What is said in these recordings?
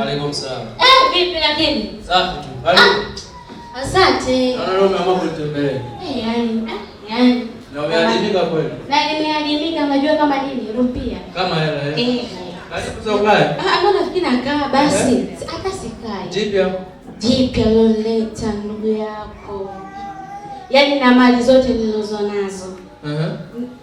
Alaikum salaam. Eh, vipi lakini? Safi tu. Ah, Karibu. Asante. Naona leo umeamua kunitembelea. Eh, yani. Eh, yani. Na umeadimika kweli? Na nimeadimika, unajua kama nini? Rumpia. Kama hela eh. Eh. Karibu za ukae. Ah, ah, mbona fikiri nakaa basi. Eh? Hata sikai. Jipya. Jipya loleta ndugu yako. Yaani na mali zote nilizo nazo. Uh-huh.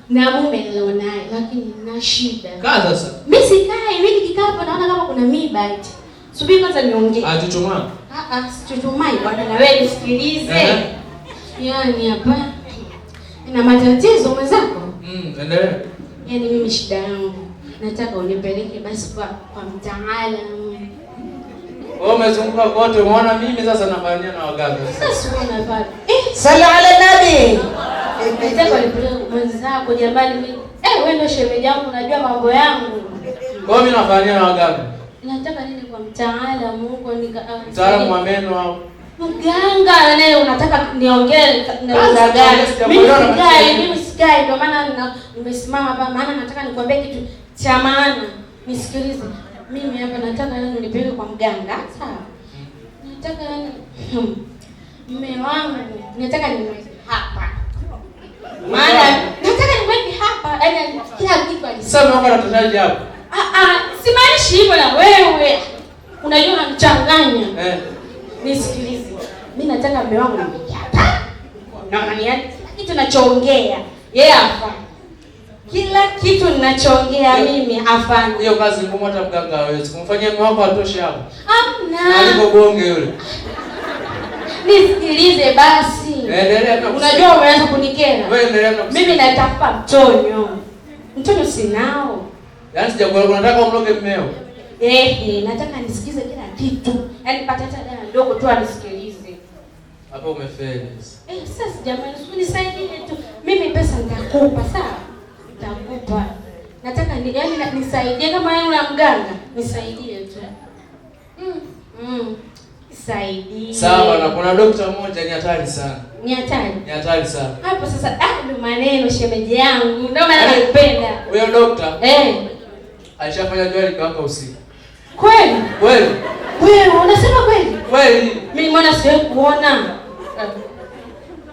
Na mume nilio lakini nina shida. Kaa sasa. Mimi sikai, mimi nikikaa hapo naona kama kuna miba eti. Subiri kwanza niongee. Ah, chuchumaa. Ah ah, sichuchumaa bwana na wewe nisikilize. Yaani hapa ina matatizo mwenzako. Mm, endelea. Yaani mimi shida yangu nataka unipeleke basi kwa kwa mtaalamu. Wewe umezunguka kote, umeona mimi sasa nafanya na waganga. Sasa unaona baba. Eh, sala ala nabi. Nataka unipeleke mwenzako jamani mimi. Eh, wewe ndio shemeji yangu, unajua mambo yangu. Kwa mimi nafanyia na waganga nataka nini kwa mtaalamu huko nika ah, mtaalamu wa meno au mganga naye unataka niongee naweza gani? Mimi sikai, mimi sikai, ndio maana nimesimama hapa, maana nataka nikwambie kitu cha maana. Nisikilize mimi hapa, nataka yani nipeleke kwa mganga, sawa? Nataka yani hmm, mume wangu, nataka nimweke hapa, maana nataka nimweke hapa, yani kila kitu alisema. Sasa mwanangu anatokaje hapo? shimo na wewe unajua unamchanganya. Eh. Nisikilize. Mimi nataka mume wangu hapa. Na maana kitu ninachoongea yeye yeah, afanye. Kila kitu ninachoongea eh. mimi afanye. Hiyo kazi ngumu hata mganga hawezi. Kumfanyia mume wako atoshe hapo. Hamna. Alipobonge yule. Nisikilize basi. Endelea. na Unajua umeanza kunikera. Wewe endelea. na Mimi natafuta mtonyo. Mtonyo sinao. Yaani sijakuwa unataka umloge mmeo eh, eh, nataka nisikize kila kitu, yaani pata hata dada ndogo tu anisikilize. Hapo umefeli eh. Sasa jamani, nisaidie tu mimi, pesa nitakupa sawa, nitakupa nataka ni yaani nisaidie, kama wewe una mganga nisaidie tu mm. mm. Saidi. Sawa na kuna dokta mmoja ni hatari sana. Ni hatari. Ni hatari sana. Hapo sasa ah ndio maneno shemeji yangu. Ndio maana eh, nakupenda. Huyo dokta. Eh. Alishafanya jwali kwa usiku. Kweli? Kweli. Wewe unasema kweli? Kweli. Mimi mwana sio kuona?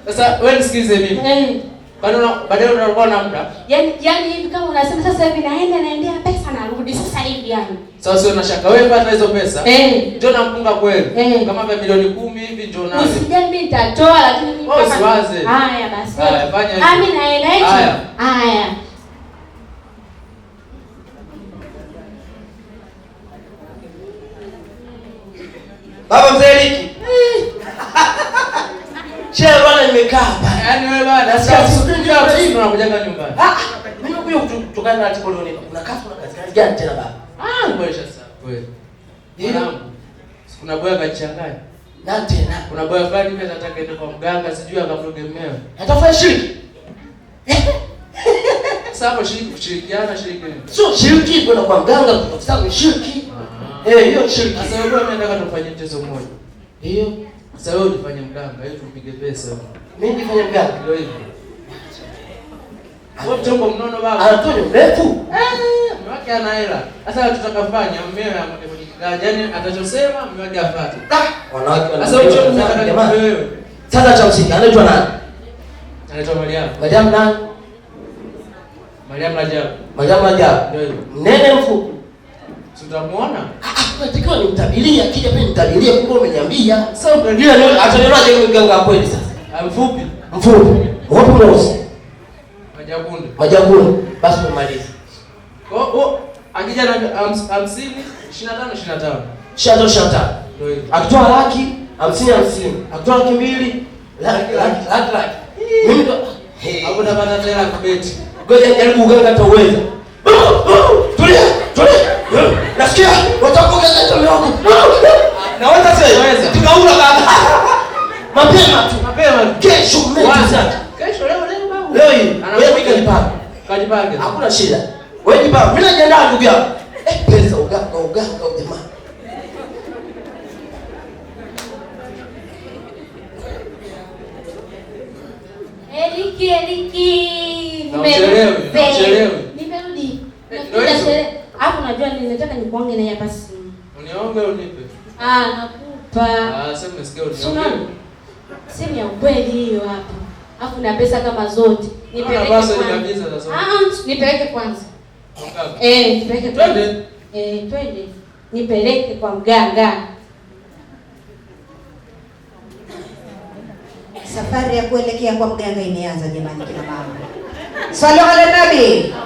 Sasa wewe nisikize mimi. Eh. Bado na bado unakuwa na muda. Yaani yaani hivi kama unasema sasa hivi naenda naendea pesa na rudi sasa hivi yani. Sasa sio na shaka wewe pata hizo pesa. Eh. Ndio nampunga kweli. Eh. Kama vya milioni 10 hivi ndio na. Usije mimi nitatoa lakini mimi oh, kama. Oh, Haya basi. Haya fanya ah, hivyo. Mimi naenda hivi. Haya. Haya. Baba mzee Liki. Shehe bwana nimekaa hapa. Yaani wewe bwana sasa usikia tu tunakuja nyumbani. Ah, mimi nimekuja kutokana na article leo. kafu na kazi gani tena baba? Ah, ni boresha sana kweli. Mwanangu. Kuna boya kachanganya. Na tena kuna boya fulani mimi anataka ende kwa mganga sijui mmeo. Atafanya shiriki. Sasa shiriki kushirikiana shiriki. Sio shiriki kwenda kwa mganga kutafuta shiriki. Eh, hiyo shirki. Sasa wewe unataka tufanye mchezo mmoja. Hiyo. Sasa wewe unifanye mganga, wewe tupige pesa. Mimi nifanye mganga ndio hivyo. Wewe mchongo mnono baba. Anatoa mrefu. Eh, mwake ana hela. Sasa tutakafanya mmeo ya mwenye mganga. Yaani atachosema mwake afuate. Ah, wanawake wana. Sasa wewe unataka wewe. Sasa cha msingi anaitwa nani? Anaitwa Mariam. Mariam nani? Mariam Rajabu. Mariam Rajabu. Nene mfupi. Tutamuona. Ah, unatakiwa ah, nimtabirie, akija pia nitabirie kumbe umeniambia. Sasa unajua leo ataniona je mganga kweli sasa? Ah, mfupi. Mfupi. Wapi unausi? Majagunde. Majagunde. Basi tumalize. Kwa hiyo akija na 50 25 25. Shadow shata. Akitoa laki 50 50. Akitoa laki mbili laki laki laki. Mimi ndo hapo napata tena kubeti. Ngoja jaribu uganga utaweza. Tulia, tulia. Nasikia watakuja leta mlango. Naweza siweza. Tunaula baba. Mapema tu. Mapema. Kesho mmeanza. Kesho leo leo baba. Leo hii. Wewe kanipa. Kajipange. Hakuna shida. Wewe jipa. Mimi najiandaa ndugu yangu. Eh, pesa uganga uganga ujamaa. Eliki, eliki. Naomba Nakuja sherehe. Hapo unajua nimetaka nikuonge na yeye basi. Unionge unipe. Ah, nakupa. Ah, sema nisikie unionge. Sema ya ukweli hiyo hapo. Alafu na pesa kama zote. Nipeleke kwanza. Ah, ah nipeleke kwanza. Eh, nipeleke twende. Eh, twende. Nipeleke kwa mganga. Safari ya kuelekea kwa mganga imeanza jamani, kina mama. Sallallahu alaihi wasallam.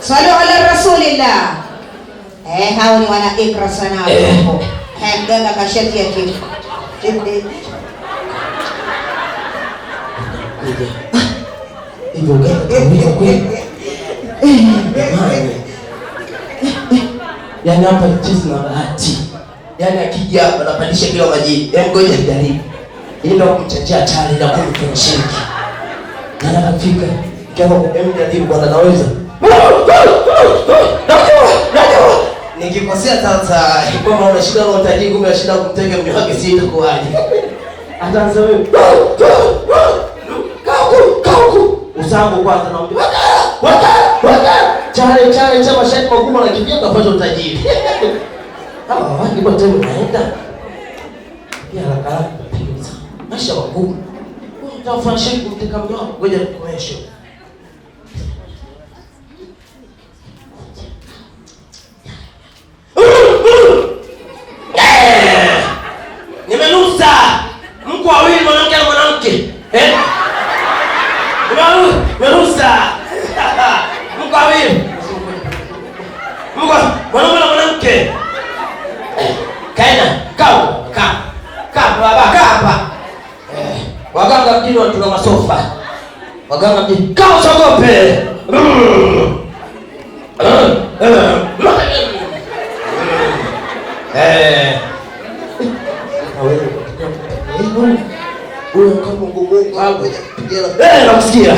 Salu ala rasulillah. Eh, hao ni wana Ikra sana eh. hapo. Eh, mganga kashati ya kifu. Hivyo ukatumia kweli. Yaani hapa chizi na bahati. Yaani akija hapa anapandisha kila maji. Hebu yaani ngoja jaribu. Ili ndio kumchachia chali na kumfanya shiriki. Na yaani anafika. Kama hebu jaribu bwana naweza. Nikikosea sasa kwamba unashinda na utajiri kumbe unashinda kumtega mume wake si itakuwaje? Ataanza wewe. Kauku kauku. Usangu kwanza na mtu. Wata wata. Chale chale chama shati makubwa na kipiga kapata utajiri. Hawa wani kwa tena naenda. Pia la kala. Maisha magumu. Utafanya shati kumtega mume wako. Ngoja nikuoneshe. mjini tuna masofa, waganga mjini kama usiogope eh, eh. nakusikia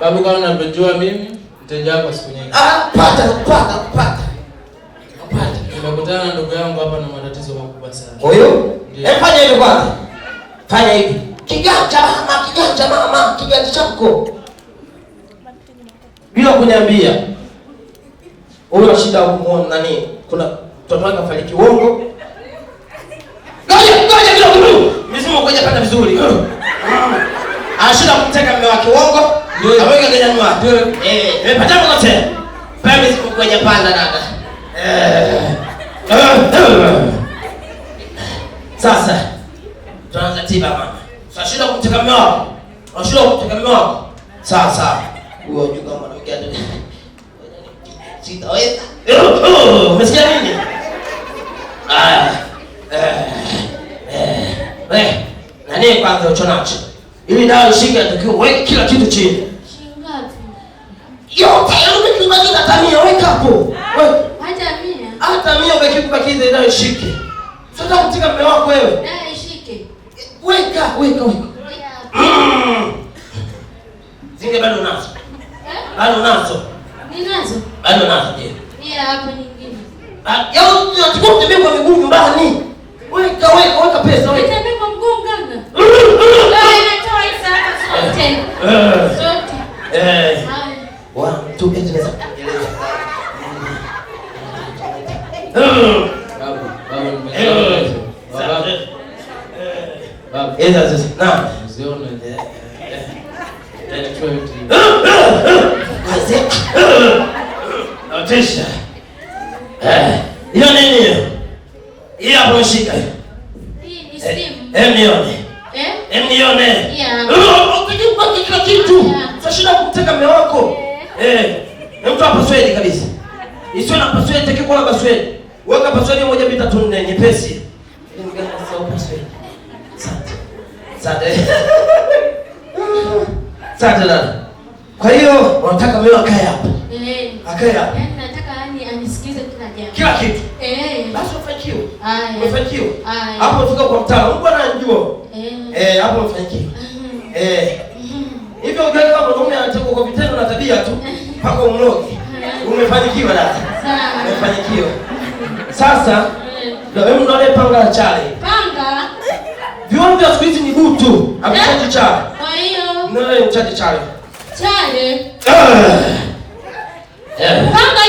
babu, kama unavyojua mimi mteja wako siku nyingi ah, pata pata pata pata, nimekutana na ndugu yangu hapa na matatizo makubwa sana. Kwa hiyo eh, fanya hivi kwanza, fanya hivi Kiganja mama, kiganja mama, kiganja chako, bila kuniambia. Huyo shida kumuona nani? Kuna mtoto wake afariki uongo. Ngoja ngoja bila kidogo, mizimu ngoja pata vizuri. Ah. Anashinda kumteka mume wake uongo. Ndio aweka ngoja nua. Eh, nimepata eh, tena. Pale mizimu ngoja panda dada. Eh. Eh, eh. Sasa tunaanza tiba mama. Tunashinda kumtegemea wapi? Tunashinda kumtegemea wapi? Sawa sawa. Huyo juu kama anaongea tu. Sitaweza. Eh, oh, umesikia nini? Ah. Eh. Eh. eh. Nani kwanza uchonacho? Ili dawa ishike atakiwa uweke kila kitu chini. Yote yote kimaki hata mia weka hapo. Hata mia. Hata mia ubaki kubakiza ndio ishike. Sasa utika mume wako wewe. Eh weka weka weka zile bado eh? nazo bado nazo bado nazo tena, yao tunatukua kutembea kwa miguu nyumbani. Hiyo nini hiyo? Hiyo hapo shika. Hii ni simu. Eh, nione. Eh? Eh, nione. Yeah. Ukijipa kila kitu. Sasa kuteka mume wako. Eh. eh ni mtu hapa swedi kabisa. Isiwe na password take kwa password. Weka password moja mbili tatu nne nyepesi. Ningana sio password. Sante. Sante. Sante dada. Kwa hiyo unataka mimi akae hapa. Eh. Akae hapa. Eh, kila kitu eh. basi ufanikiwe, umefanikiwa hapo. Fika kwa mtaa, Mungu anajua eh, eh hapo umefanikiwa eh. eh. Hivyo ungeweza mwanaume anataka kwa vitendo na tabia tu mpaka umloge, umefanikiwa dada, umefanikiwa. Sasa ndio wewe unaona panga la chale, panga viungo vya siku hizi ni butu, amchaji chale. Kwa hiyo ndio wewe mchaji chale chale, panga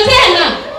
tena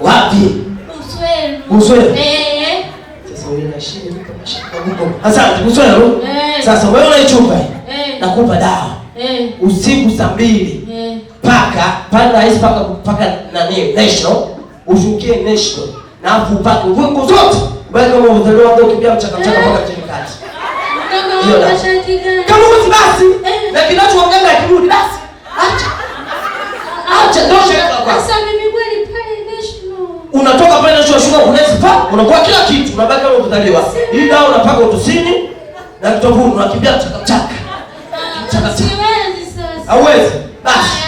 Wapi? Usweru. Usweru. Eh. Ee. Sasa wewe unaishi mashaka huko. Sasa Usweru. Ee. Ee. Nakupa dawa. Usiku saa mbili. Eh. Paka, panda hizi paka paka nani? nesho Ushukie nesho Na hapo paka nguvu zote. Wewe kama unazaliwa ndio kimbia mchaka mchaka paka chini kati. Kama mtu basi, na kinachoongeza kirudi basi. Acha. Acha ndio shaka kwa. Sasa mimi unatoka pale nacho shuka unaweza unakuwa kila kitu, unabaki kama utazaliwa. Hii dawa unapaka utusini na kitofuni unakimbia chaka chaka. Chaka chaka. hauwezi Basi.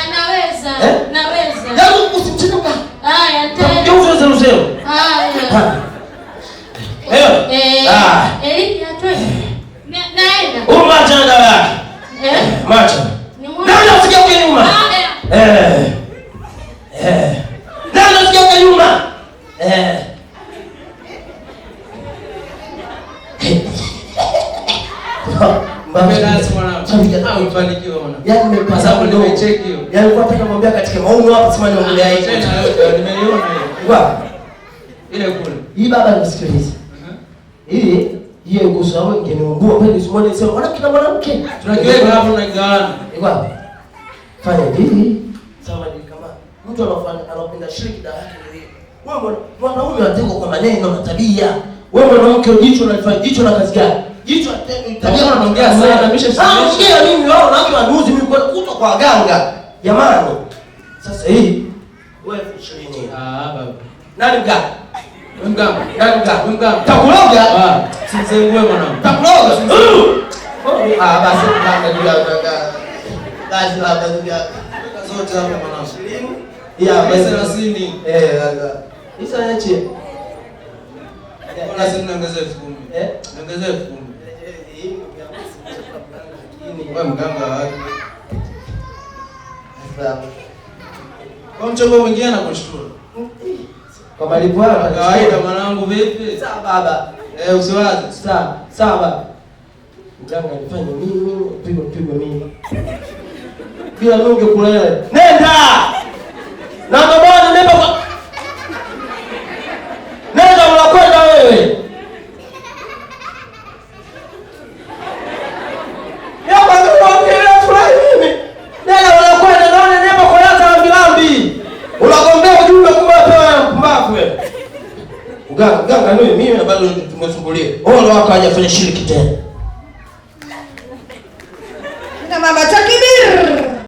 umefanikiwa yaani mwana. Sababu nimecheki hiyo. Yaani kwa pia namwambia katika mauno hapo sema ni ongea nimeiona hiyo. Wapi? Ile kule. Hii baba nisikilize. Uh-huh. Hii hiyo yuko sawa ingeniungua kweli siku sema mwanamke na mwanamke. Tunakiweka hapo na ingawana. Ni wapi? Fanya hivi. Sawa ni kama mtu anafanya anapenda shiriki da yake ni hivi. Wewe mwanaume unatengwa kwa maneno na tabia. Wewe mwanamke jicho na jicho na kazi gani? Tajiri anaongea sana, mshaongea ah, mimi wao wanawake wanuzi mimi kuto kwa waganga. Jamani. Sasa hii wewe ishirini. Ah, baba. Nani mganga? Wewe mganga. Nani mganga? Wewe mganga. Takuloga. Ah. Simzengue mwanangu. Takuloga. Ah, basi mganga juu ya mganga. Basi labda juu ya zote hapa mwanangu. Ya, basi 30. Eh, gaga. Isa yache. Kuna simu naongezea 10. Eh? Naongezea 10 wewe mganga wapi? Kwa mchongo mwingine anakushukuru. Kwa malipo hapa kawaida mwanangu vipi? Sawa baba. Eh, usiwaze. Sawa. Sawa. Mganga alifanya mimi, pigo pigo mimi. Bila mungu kulala. Nenda! Na baba